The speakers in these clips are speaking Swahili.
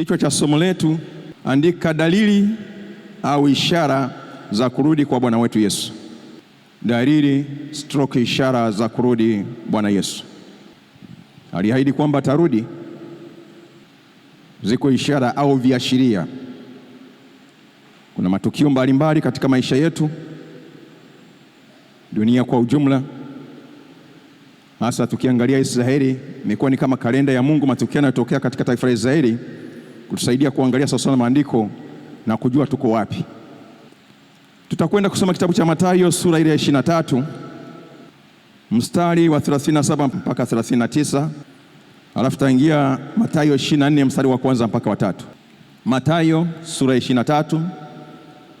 Kichwa cha somo letu, andika dalili au ishara za kurudi kwa Bwana wetu Yesu. Dalili stroke ishara za kurudi Bwana Yesu. Aliahidi kwamba atarudi. Ziko ishara au viashiria. Kuna matukio mbalimbali katika maisha yetu, dunia kwa ujumla, hasa tukiangalia Israeli, imekuwa ni kama kalenda ya Mungu. Matukio yanayotokea katika taifa la Israeli kutusaidia kuangalia sasa maandiko na kujua tuko wapi. Tutakwenda kusoma kitabu cha Mathayo sura ile ya 23 mstari wa 37 mpaka 39, alafu tutaingia Mathayo 24 mstari wa kwanza mpaka wa tatu. Mathayo sura ya 23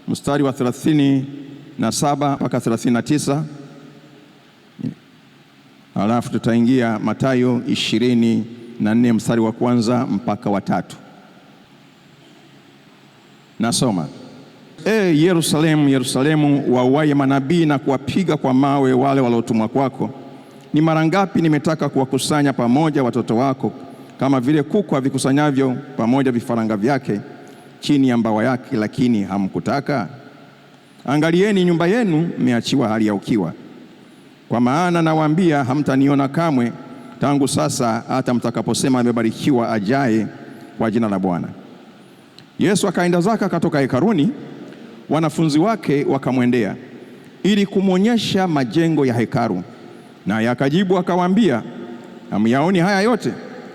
mstari wa 37 mpaka 39, alafu tutaingia Mathayo 24 mstari wa kwanza mpaka wa tatu. Nasoma. E Yerusalemu, Yerusalemu, wauaye manabii na kuwapiga kwa mawe wale waliotumwa kwako, ni mara ngapi nimetaka kuwakusanya pamoja watoto wako kama vile kuku avikusanyavyo pamoja vifaranga vyake chini ya mbawa yake, lakini hamkutaka. Angalieni, nyumba yenu mmeachiwa hali ya ukiwa. Kwa maana nawaambia, hamtaniona kamwe, tangu sasa hata mtakaposema amebarikiwa ajaye kwa jina la Bwana. Yesu akaenda zake akatoka hekaruni, wanafunzi wake wakamwendea ili kumwonyesha majengo ya hekaru, naye akajibu akawaambia, hamyaoni haya yote?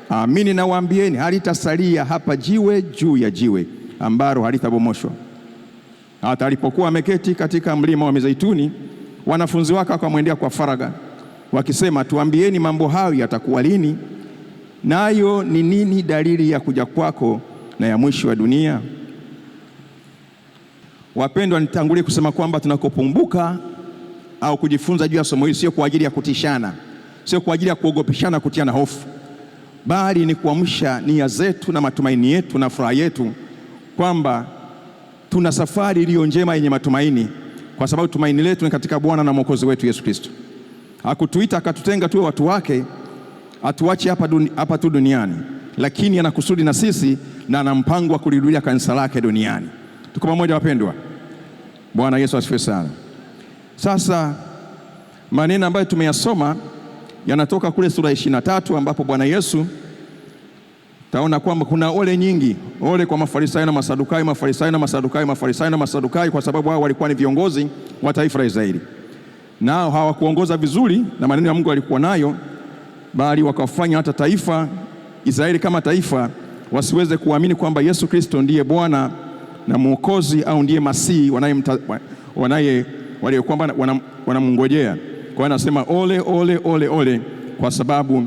Amini nawaambieni, halitasalia hapa jiwe juu ya jiwe ambalo halitabomoshwa. Hata alipokuwa ameketi katika mlima wa Mizeituni, wanafunzi wake wakamwendea kwa faraga wakisema, tuambieni, mambo hayo yatakuwa lini, nayo ni nini dalili ya kuja kwako na ya mwisho wa dunia. Wapendwa, nitangulie kusema kwamba tunakopumbuka au kujifunza juu ya somo hili sio kwa ajili ya kutishana, sio kwa ajili ya kuogopeshana, kutiana hofu, bali ni kuamsha nia zetu na matumaini yetu na furaha yetu kwamba tuna safari iliyo njema yenye matumaini, kwa sababu tumaini letu ni katika Bwana na Mwokozi wetu Yesu Kristo. Hakutuita akatutenga tuwe watu wake, atuache hapa hapa tu duniani lakini ana kusudi na sisi na ana mpango wa kulirudia kanisa lake duniani. Tuko pamoja wapendwa? Bwana Yesu asifiwe sana. Sasa maneno ambayo tumeyasoma yanatoka kule sura ishirini na tatu ambapo Bwana Yesu taona kwamba kuna ole nyingi, ole kwa Mafarisayo na Masadukayo, Mafarisayo na Masadukayo, Mafarisayo na Masadukayo, kwa sababu hao walikuwa ni viongozi wa taifa la Israeli, nao hawakuongoza vizuri na maneno ya Mungu alikuwa nayo, bali wakafanya hata taifa Israeli kama taifa wasiweze kuamini kwamba Yesu Kristo ndiye Bwana na Mwokozi au ndiye Masihi wanaye wanaye wale kwamba wanamngojea Kwa hiyo anasema ole, ole, ole, ole kwa sababu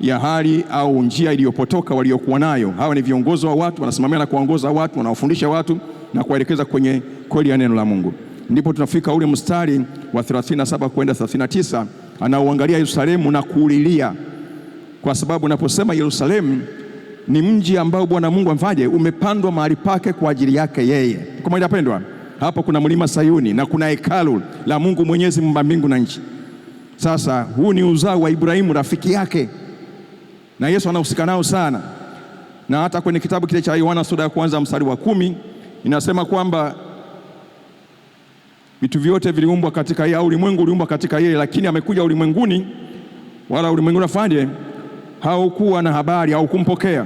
ya hali au njia iliyopotoka waliokuwa nayo. Hawa ni viongozi wa watu, wanasimamia na kuwaongoza watu, wanawafundisha watu na kuwaelekeza kwenye kweli ya neno la Mungu. Ndipo tunafika ule mstari wa 37 kwenda 39, anauangalia Yerusalemu na kuulilia kwa sababu naposema Yerusalemu ni mji ambao Bwana Mungu amfaje, umepandwa mahali pake kwa ajili yake yeye. Kwa maana pendwa, hapo kuna mlima Sayuni na kuna hekalu la Mungu Mwenyezi, muumba mbingu na nchi. Sasa huu ni uzao wa Ibrahimu rafiki yake, na Yesu anahusika nao sana, na hata kwenye kitabu kile cha Yohana sura ya kwanza mstari wa kumi inasema kwamba vitu vyote viliumbwa katika yeye, au ulimwengu uliumbwa katika yeye, lakini amekuja ulimwenguni, wala ulimwengu nafanye haukuwa na habari, haukumpokea.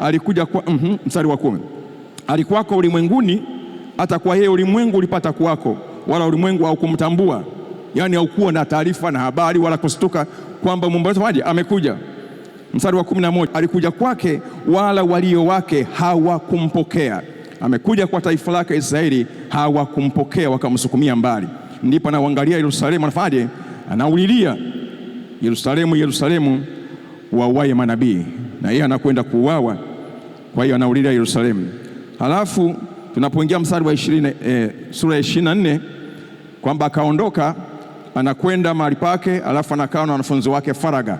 Alikuja kwa mm -hmm, mstari wa kumi, alikuwako ulimwenguni, hata kwa yeye ulimwengu ulipata kuwako, wala ulimwengu haukumtambua. Yaani haukuwa na taarifa na habari wala kustuka kwamba wetu waje amekuja. Mstari wa kumi na moja, alikuja kwake, wala walio wake hawakumpokea. Amekuja kwa taifa lake Israeli, hawakumpokea, wakamsukumia mbali. Ndipo anaangalia Yerusalemu, anafanyaje? Anaulilia Yerusalemu, Yerusalemu wauaye manabii, na yeye anakwenda kuuawa. Kwa hiyo anaulilia Yerusalemu. Halafu tunapoingia mstari wa 20 eh, sura ya 24 na nne kwamba akaondoka anakwenda mahali pake, alafu anakaa na wanafunzi wake faraga.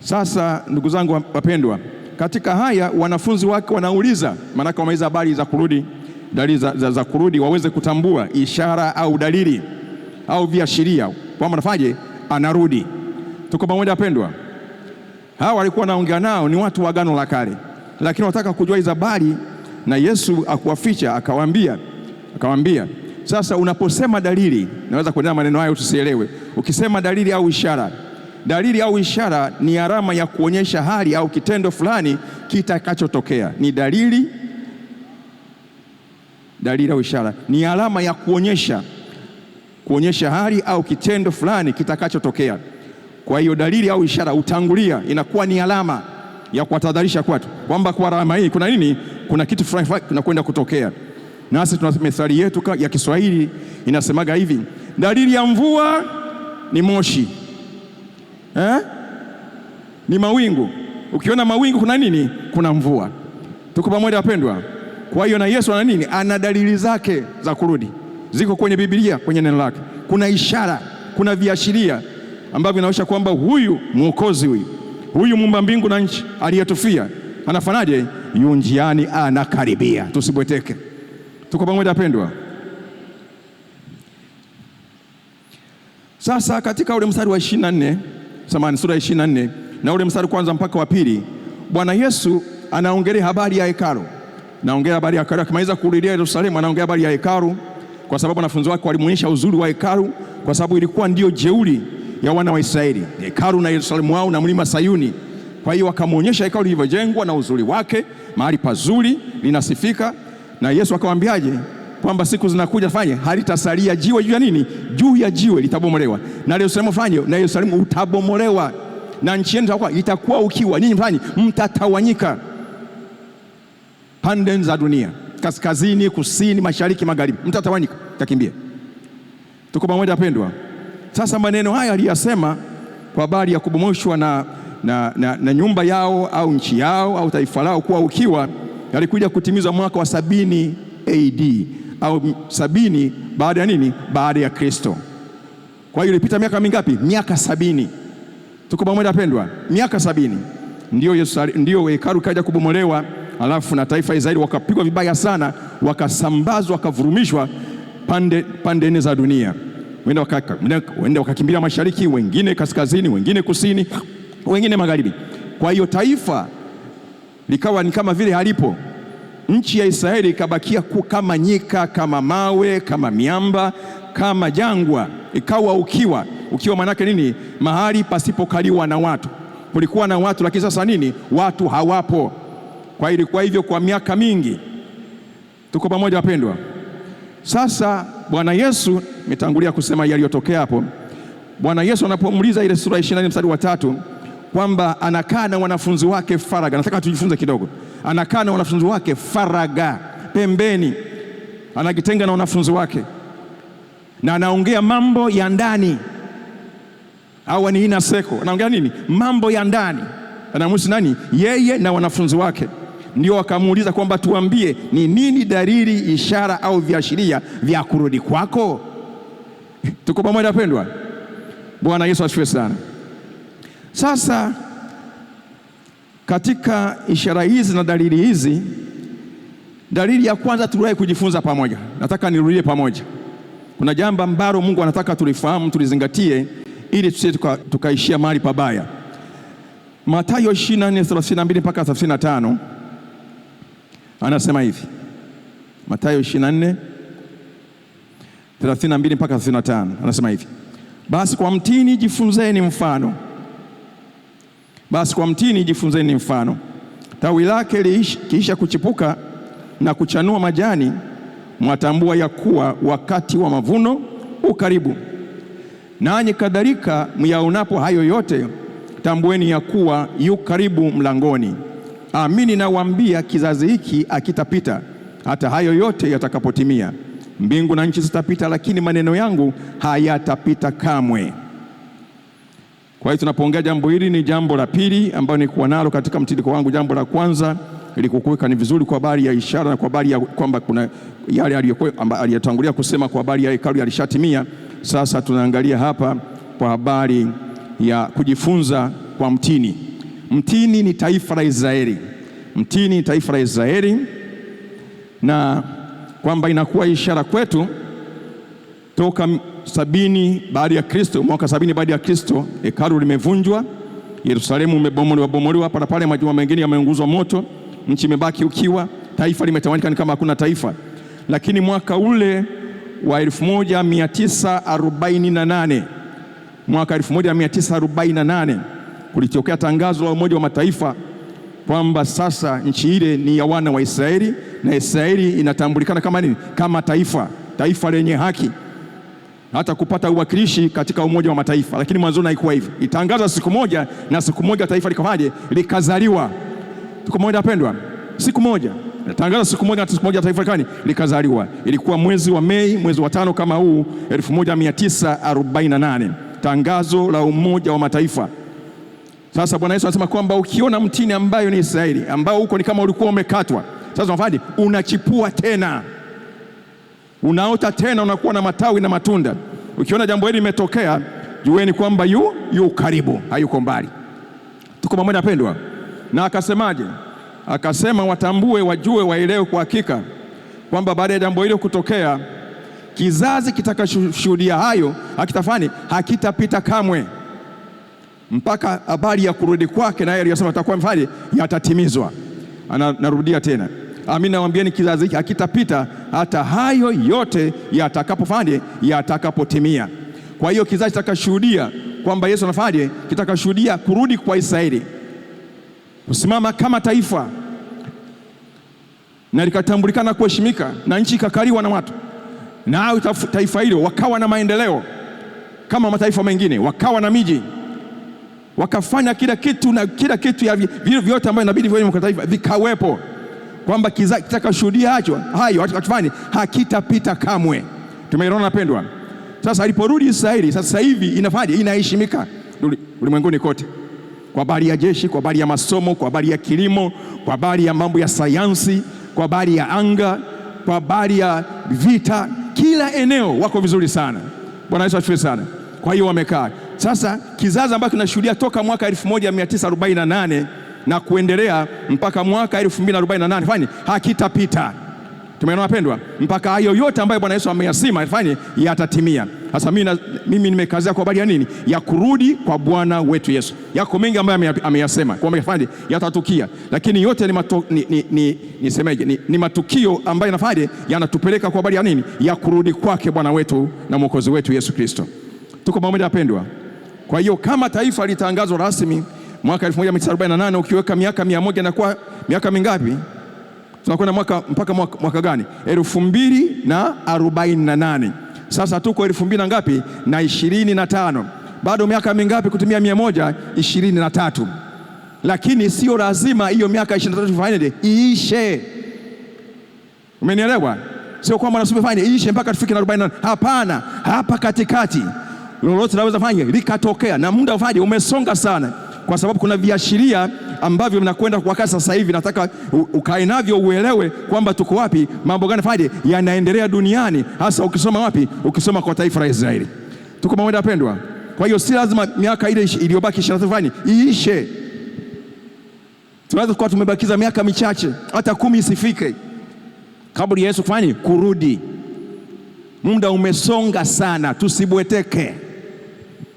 Sasa ndugu zangu wapendwa, katika haya wanafunzi wake wanauliza, maanake wameiza habari za kurudi, dalili za, za, za kurudi, waweze kutambua ishara au dalili au viashiria kwamba anafanyaje, anarudi. Tuko pamoja wapendwa? hawa walikuwa naongea nao ni watu wa Agano la Kale, lakini wanataka kujua hizo habari, na Yesu akuwaficha akawaambia, akawaambia sasa unaposema dalili, naweza kuendelea maneno hayo tusielewe. Ukisema dalili au ishara, dalili au ishara ni alama ya kuonyesha hali au kitendo fulani kitakachotokea. Ni dalili, dalili au ishara ni alama ya kuonyesha kuonyesha hali au kitendo fulani kitakachotokea. Kwa hiyo dalili au ishara utangulia, inakuwa ni alama ya kuwatahadharisha kwatu kwamba kwa alama hii kuna nini, kuna kitu fulani kinakwenda kutokea. Nasi tuna methali yetu ya Kiswahili inasemaga hivi, dalili ya mvua ni moshi eh? ni mawingu. Ukiona mawingu kuna nini? Kuna mvua. Tuko pamoja wapendwa? Kwa hiyo na Yesu ana nini? Ana dalili zake za kurudi, ziko kwenye Biblia, kwenye neno lake. Kuna ishara, kuna viashiria ambavyo inaonyesha kwamba huyu mwokozi huyu huyu muumba mbingu na nchi aliyetufia anafanyaje? Yu njiani, anakaribia. Tusibweteke, tuko pamoja wapendwa? Sasa katika ule mstari wa 24 samani sura ya 24 na ule mstari kwanza mpaka wa pili, Bwana Yesu anaongelea habari ya hekalu, naongelea habari ya hekalu. Akimaliza kurudia Yerusalemu, anaongelea habari ya hekalu, kwa sababu wanafunzi wake walimuonyesha uzuri wa hekalu, kwa sababu ilikuwa ndio jeuri ya wana wa Israeli, hekalu na Yerusalemu wao na mlima Sayuni. Kwa hiyo wakamwonyesha hekalu lilivyojengwa na uzuri wake, mahali pazuri linasifika. Na Yesu akamwambiaje? Kwamba siku zinakuja fanye, halitasalia jiwe juu ya nini? Juu ya jiwe litabomolewa, na Yerusalemu fanye, na Yerusalemu utabomolewa, na nchi yenu itakuwa ukiwa, ninyi fanye, mtatawanyika pande za dunia, kaskazini, kusini, mashariki, magharibi, mtatawanyika, takimbia. Tuko pamoja wapendwa? Sasa maneno haya aliyasema kwa habari ya kubomoshwa na, na, na, na nyumba yao au nchi yao au taifa lao kuwa ukiwa, yalikuja kutimiza mwaka wa sabini AD au sabini baada ya nini? Baada ya Kristo. Kwa hiyo ilipita miaka mingapi? Miaka sabini. Tuko pamoja pendwa? Miaka sabini ndio Yesu, ndio hekalu kaja kubomolewa, alafu na taifa Israeli wakapigwa vibaya sana, wakasambazwa, wakavurumishwa pande pande nne za dunia wenda wakakimbilia mashariki, wengine kaskazini, wengine kusini, wengine magharibi. Kwa hiyo taifa likawa ni kama vile halipo. Nchi ya Israeli ikabakia kama nyika, kama mawe, kama miamba, kama jangwa, ikawa ukiwa. Ukiwa maanake nini? Mahali pasipokaliwa na watu. Kulikuwa na watu lakini sasa nini, watu hawapo. Kwa ilikuwa hivyo kwa miaka mingi. Tuko pamoja wapendwa? Sasa Bwana Yesu Nimetangulia kusema yaliyotokea hapo. Bwana Yesu anapomuuliza ile sura 24 mstari wa tatu kwamba anakaa na wanafunzi wake faraga, nataka tujifunze kidogo. Anakaa na wanafunzi wake faraga, pembeni, anajitenga na wanafunzi wake na anaongea mambo ya ndani au ni ina seko, anaongea nini? Mambo ya ndani, anamhusu nani? Yeye na wanafunzi wake. Ndio wakamuuliza kwamba tuambie, ni nini dalili, ishara au viashiria vya kurudi kwako? Tuko pamoja wapendwa? Bwana Yesu asifiwe sana. Sasa katika ishara hizi na dalili hizi, dalili ya kwanza tuliwahi kujifunza pamoja, nataka nirudie pamoja. Kuna jambo ambalo Mungu anataka tulifahamu, tulizingatie, ili tusije tukaishia mahali pabaya. Mathayo 24:32 mpaka 35 anasema hivi, Mathayo 24 32 mpaka 35, anasema hivi: basi kwa mtini jifunzeni mfano, basi kwa mtini jifunzeni mfano, tawi lake likiisha kuchipuka na kuchanua majani, mwatambua ya kuwa wakati wa mavuno ukaribu. Nanyi kadhalika, myaonapo hayo yote, tambueni ya kuwa yu karibu mlangoni. Amini nawaambia, kizazi hiki akitapita hata hayo yote yatakapotimia. Mbingu na nchi zitapita, lakini maneno yangu hayatapita kamwe. Kwa hiyo tunapoongea jambo hili, ni jambo la pili ambayo nilikuwa nalo katika mtiririko wangu. Jambo la kwanza ilikukuweka ni vizuri kwa habari ya ishara na kwa habari ya kwamba kuna yale aliyotangulia kusema kwa habari ya hekalu yalishatimia. Sasa tunaangalia hapa kwa habari ya kujifunza kwa mtini. Mtini ni taifa la Israeli, mtini ni taifa la Israeli na kwamba inakuwa ishara kwetu toka sabini baada ya Kristo, mwaka sabini baada ya Kristo, hekalu limevunjwa, Yerusalemu umebomolewa bomolewa, pale majumba mengine yameunguzwa moto, nchi imebaki ukiwa, taifa limetawanyika ni kama hakuna taifa. Lakini mwaka ule wa 1948 mwaka 1948 kulitokea tangazo la Umoja wa Mataifa kwamba sasa nchi ile ni ya wana wa Israeli na Israeli inatambulikana kama nini? Kama taifa, taifa lenye haki hata kupata uwakilishi katika Umoja wa Mataifa. Lakini mwanzoni haikuwa hivyo, itangaza siku moja na siku moja taifa likafaje? Likazaliwa. Tuko moja wapendwa, siku moja natangaza siku moja siku moja taifa kani likazaliwa. Ilikuwa mwezi wa Mei, mwezi wa tano kama huu 1948, tangazo la Umoja wa Mataifa. Sasa Bwana Yesu anasema kwamba ukiona mtini ambayo ni Israeli, ambao huko ni kama ulikuwa umekatwa, sasa unafanyaje? Unachipua tena, unaota tena, unakuwa na matawi na matunda. Ukiona jambo hili limetokea, jueni kwamba yu yu karibu, hayuko mbali. Tuko pamoja wapendwa? Na akasemaje? Akasema watambue, wajue, waelewe kwa hakika kwamba baada ya jambo hilo kutokea, kizazi kitakachoshuhudia hayo hakitafani hakitapita kamwe mpaka habari ya kurudi kwake na yeye aliyosema atakuwa mfalme yatatimizwa. narudia tena, amini nawaambieni kizazi hiki hakitapita hata hayo yote yatakapofanye yatakapotimia. Kwa hiyo kizazi kitakashuhudia kwamba Yesu anafanye, kitakashuhudia kurudi kwa Israeli, kusimama kama taifa na likatambulikana kuheshimika na nchi ikakaliwa na watu na au taifa hilo wakawa na maendeleo kama mataifa mengine, wakawa na miji wakafanya kila kitu na kila kitu ya vile vyote ambavyo inabidi viwe kwa taifa vikawepo, kwamba kitakashuhudia hacho hayo wachofanya hakitapita kamwe. Tumeiona napendwa. Sasa aliporudi Israeli, sasa hivi inafanya Inaheshimika ulimwenguni kote kwa habari ya jeshi, kwa habari ya masomo, kwa habari ya kilimo, kwa habari ya mambo ya sayansi, kwa habari ya anga, kwa habari ya vita, kila eneo wako vizuri sana. Bwana Yesu asifiwe sana. Kwa hiyo wamekaa sasa kizazi ambacho kinashuhudia toka mwaka 1948 na kuendelea mpaka mwaka 2048 fani hakitapita. Tumeona wapendwa, mpaka hayo yote ambayo Bwana Yesu ameyasema fani yatatimia. Sasa mimi nimekazia kwa habari ya nini? Ya kurudi kwa Bwana wetu Yesu. Yako mengi ambayo ameyasema kwamba fani yatatukia, lakini yote ni mato, ni, ni, ni, nisemeje, ni, ni matukio ambayo nafadi yanatupeleka kwa habari ya nini? Ya kurudi kwake Bwana wetu na Mwokozi wetu Yesu Kristo. Tuko pamoja wapendwa. Kwa hiyo kama taifa litangazwa rasmi mwaka 1948 ukiweka miaka 100 na kwa miaka mingapi? Tunakwenda mwaka, mpaka mwaka, mwaka gani? 2048 na na Sasa tuko 2000 na ngapi? na 25 Bado miaka mingapi kutumia mia moja? Lakini sio lazima hiyo miaka 23 finally iishe. Umenielewa? Sio kwamba nasubiri finally iishe mpaka tufike na 48 Hapana, hapa katikati lolote laweza fanya likatokea, na muda ufaje umesonga sana, kwa sababu kuna viashiria ambavyo vinakwenda kwa kasi sasa hivi. Nataka ukae navyo uelewe kwamba tuko wapi, mambo gani faje yanaendelea duniani, hasa ukisoma wapi, ukisoma kwa taifa la Israeli. Tuko pamoja wapendwa? Kwa hiyo si lazima miaka ile iliyobaki ishirini fulani iishe, tunaweza kuwa tumebakiza miaka michache, hata kumi isifike kabla Yesu kufanya kurudi. Muda umesonga sana, tusibweteke.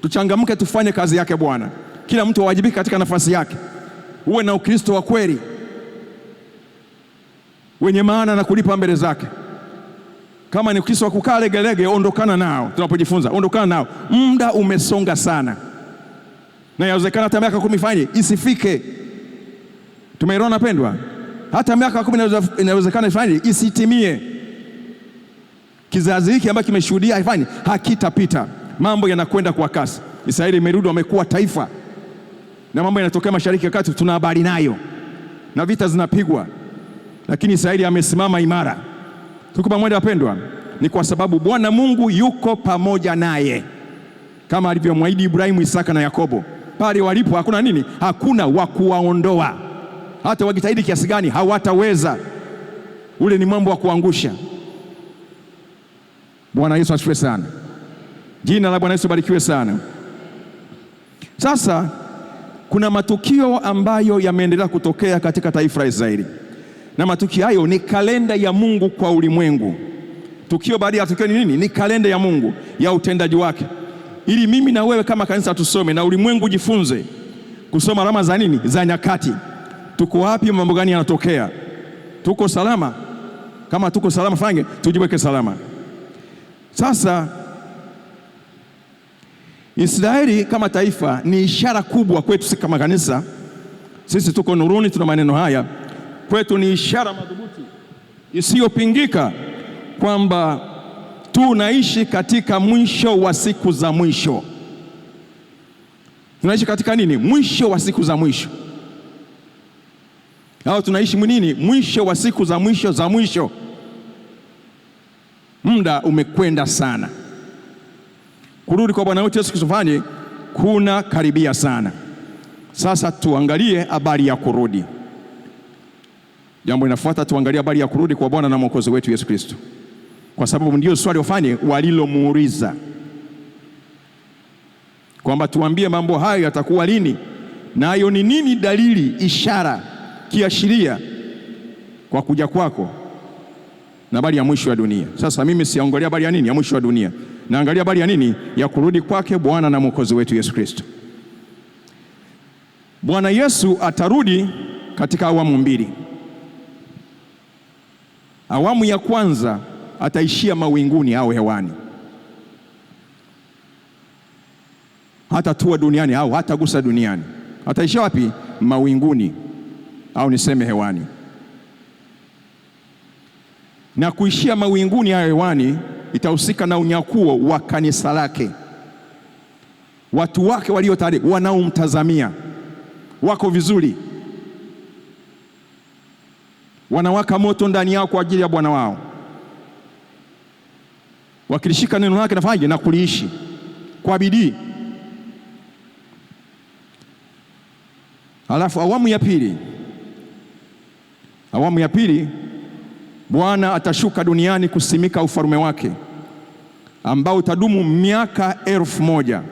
Tuchangamke, tufanye kazi yake Bwana. Kila mtu awajibike katika nafasi yake, uwe na Ukristo wa kweli wenye maana na kulipa mbele zake. Kama ni Ukristo wa kukaa legelege, ondokana nao. Tunapojifunza ondokana nao, muda umesonga sana, na yawezekana hata miaka kumi fanye isifike. Tumeirona pendwa, hata miaka kumi inawezekana ifanye isitimie. Kizazi hiki ambacho kimeshuhudia ifanye hakitapita. Mambo yanakwenda kwa kasi. Israeli imerudi, wamekuwa taifa, na mambo yanatokea mashariki ya kati tuna habari nayo, na vita zinapigwa, lakini Israeli amesimama imara. Tuko pamoja wapendwa, ni kwa sababu Bwana Mungu yuko pamoja naye kama alivyomwahidi Ibrahimu, Isaka na Yakobo. Pale walipo hakuna nini? Hakuna wa kuwaondoa, hata wajitahidi kiasi gani hawataweza. Ule ni mambo wa kuangusha. Bwana Yesu asifiwe sana. Jina la Bwana Yesu barikiwe sana. Sasa kuna matukio ambayo yameendelea kutokea katika taifa la Israeli, na matukio hayo ni kalenda ya Mungu kwa ulimwengu. Tukio baada ya tukio ni nini? Ni kalenda ya Mungu ya utendaji wake, ili mimi na wewe kama kanisa tusome na ulimwengu ujifunze kusoma alama za nini, za nyakati. Tuko wapi? Mambo gani yanatokea? Tuko salama? Kama tuko salama, fange tujiweke salama. Sasa Israeli kama taifa ni ishara kubwa kwetu sisi kama kanisa. Sisi tuko nuruni, tuna maneno haya, kwetu ni ishara madhubuti isiyopingika kwamba tunaishi katika mwisho wa siku za mwisho. Tunaishi katika nini? Mwisho wa siku za mwisho, au tunaishi nini? Mwisho wa siku za mwisho za mwisho. Muda umekwenda sana. Kurudi kwa Bwana wetu Yesu Kristo kuna karibia sana. Sasa tuangalie habari ya kurudi. Jambo linafuata, tuangalie habari ya kurudi kwa Bwana na Mwokozi wetu Yesu Kristo, kwa sababu ndio swali wafanye walilomuuliza kwamba tuambie mambo hayo yatakuwa lini, nayo ni nini dalili, ishara, kiashiria kwa kuja kwako na habari ya mwisho wa dunia. Sasa mimi siangalia habari ya nini ya mwisho wa dunia na angalia habari ya nini? Ya kurudi kwake Bwana na mwokozi wetu Yesu Kristo. Bwana Yesu atarudi katika awamu mbili. Awamu ya kwanza ataishia mawinguni au hewani, hatatua duniani au hatagusa duniani. Ataishia wapi? Mawinguni au niseme hewani. Na kuishia mawinguni au hewani itahusika na unyakuo wa kanisa lake, watu wake walio tayari, wanaomtazamia wako vizuri, wanawaka moto ndani yao kwa ajili ya Bwana wao, wakilishika neno lake nafanyaje, na kuliishi kwa bidii. alafu awamu ya pili, awamu ya pili, Bwana atashuka duniani kusimika ufalme wake ambao utadumu miaka elfu moja.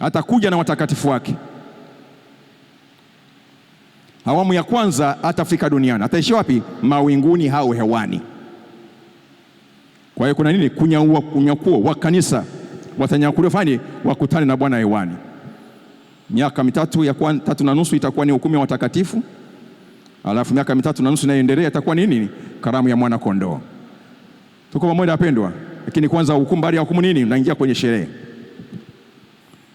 Atakuja na watakatifu wake. Awamu ya kwanza atafika duniani, ataishi wapi? Mawinguni au hewani. Kwa hiyo kuna nini? Kunyaua, kunyakuo wa kanisa watanyakuliwa fani wakutane na Bwana hewani. Miaka mitatu ya kwa, tatu na nusu itakuwa ni hukumu ya watakatifu, alafu miaka mitatu na nusu inayoendelea itakuwa nini? Karamu ya mwana kondoo. Tuko pamoja wapendwa? lakini kwanza hukumu. Baada ya hukumu nini? Unaingia kwenye sherehe.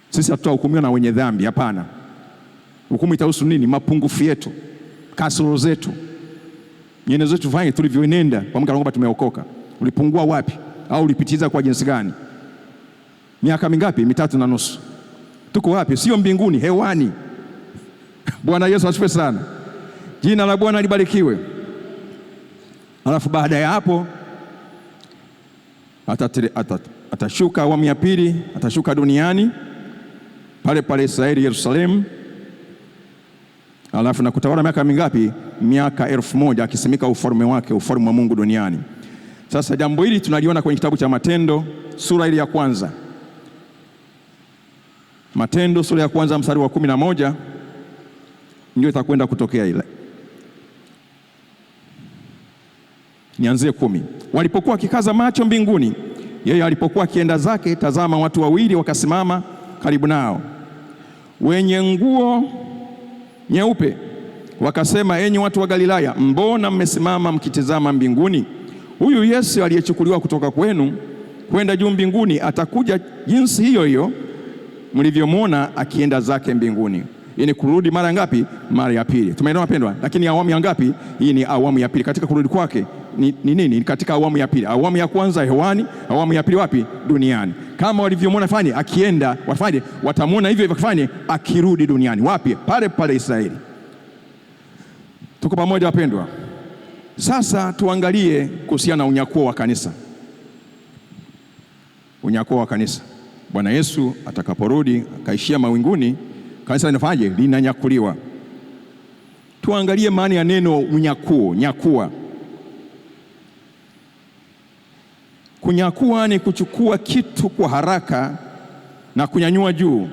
Sisi hatutahukumiwa na wenye dhambi, hapana. Hukumu itahusu nini? Mapungufu yetu, kasoro zetu, nyenzo zetu, fanye tulivyoenenda kwa Mungu kwamba tumeokoka. Ulipungua wapi? Au ulipitiza kwa jinsi gani? Miaka mingapi? Mitatu na nusu. Tuko wapi? Sio mbinguni, hewani. Bwana Yesu asifiwe sana. Jina la Bwana libarikiwe. Alafu baada ya hapo atatire, atat, atashuka awamu ya pili, atashuka duniani pale pale Israeli Yerusalemu, alafu na kutawala miaka mingapi? Miaka elfu moja akisimika ufalme wake, ufalme wa Mungu duniani. Sasa jambo hili tunaliona kwenye kitabu cha Matendo sura ile ya kwanza, Matendo sura ya kwanza mstari wa kumi na moja ndio itakwenda kutokea ile nianzie kumi. Walipokuwa wakikaza macho mbinguni, yeye alipokuwa akienda zake, tazama, watu wawili wakasimama karibu nao, wenye nguo nyeupe, wakasema, enyi watu wa Galilaya, mbona mmesimama mkitizama mbinguni? Huyu Yesu aliyechukuliwa kutoka kwenu kwenda juu mbinguni atakuja jinsi hiyo hiyo mlivyomwona akienda zake mbinguni. Hii ni kurudi mara ngapi? Mara ya pili. Tumeelewa wapendwa? Lakini awamu ya ngapi? Hii ni awamu ya pili katika kurudi kwake ni, ni nini katika awamu ya pili. Awamu ya kwanza hewani, awamu ya pili wapi? Duniani. Kama walivyomwona fani akienda, wafanye watamwona hivyo hivyo fani akirudi duniani. Wapi? Pale pale Israeli. Tuko pamoja wapendwa? Sasa tuangalie kuhusiana na unyakuo wa kanisa, unyakuo wa kanisa. Bwana Yesu atakaporudi akaishia mawinguni, kanisa linafanyaje? Linanyakuliwa. Tuangalie maana ya neno unyakuo, nyakua Kunyakua ni kuchukua kitu kwa haraka na kunyanyua juu,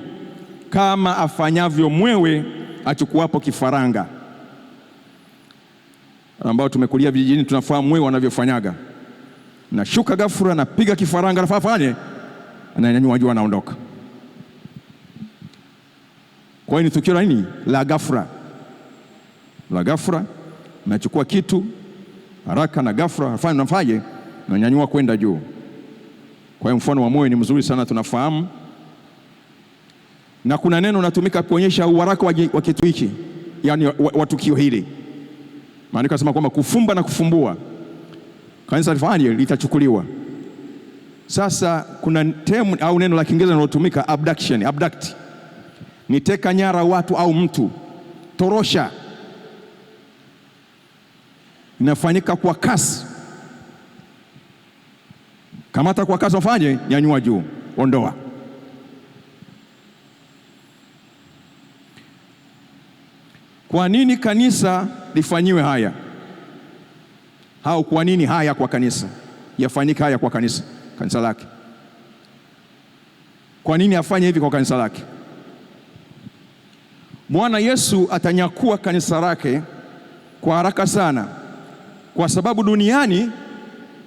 kama afanyavyo mwewe achukuapo kifaranga, ambao tumekulia vijijini tunafahamu mwewe wanavyofanyaga. Nashuka ghafula, napiga kifaranga, nafaa ananyanyua juu, anaondoka. Kwa hiyo ni tukio la nini? La ghafla, la ghafla. Nachukua kitu haraka na ghafla, nafanye nanyanyua kwenda juu. Kwa hiyo mfano wa moyo ni mzuri sana, tunafahamu na kuna neno natumika kuonyesha uharaka wa kitu hiki, yani wa tukio hili. Maandiko yanasema kwamba kufumba na kufumbua kanisa lifanye litachukuliwa. Sasa kuna term au neno la Kiingereza linalotumika abduction. Abduct ni teka nyara watu au mtu, torosha. Inafanyika kwa kasi Kamata kwa kasi, ufanye nyanyua juu, ondoa. Kwa nini kanisa lifanyiwe haya au kwa nini haya kwa kanisa yafanyike haya kwa kanisa kanisa lake? Kwa nini afanye hivi kwa kanisa lake? Mwana Yesu atanyakua kanisa lake kwa haraka sana, kwa sababu duniani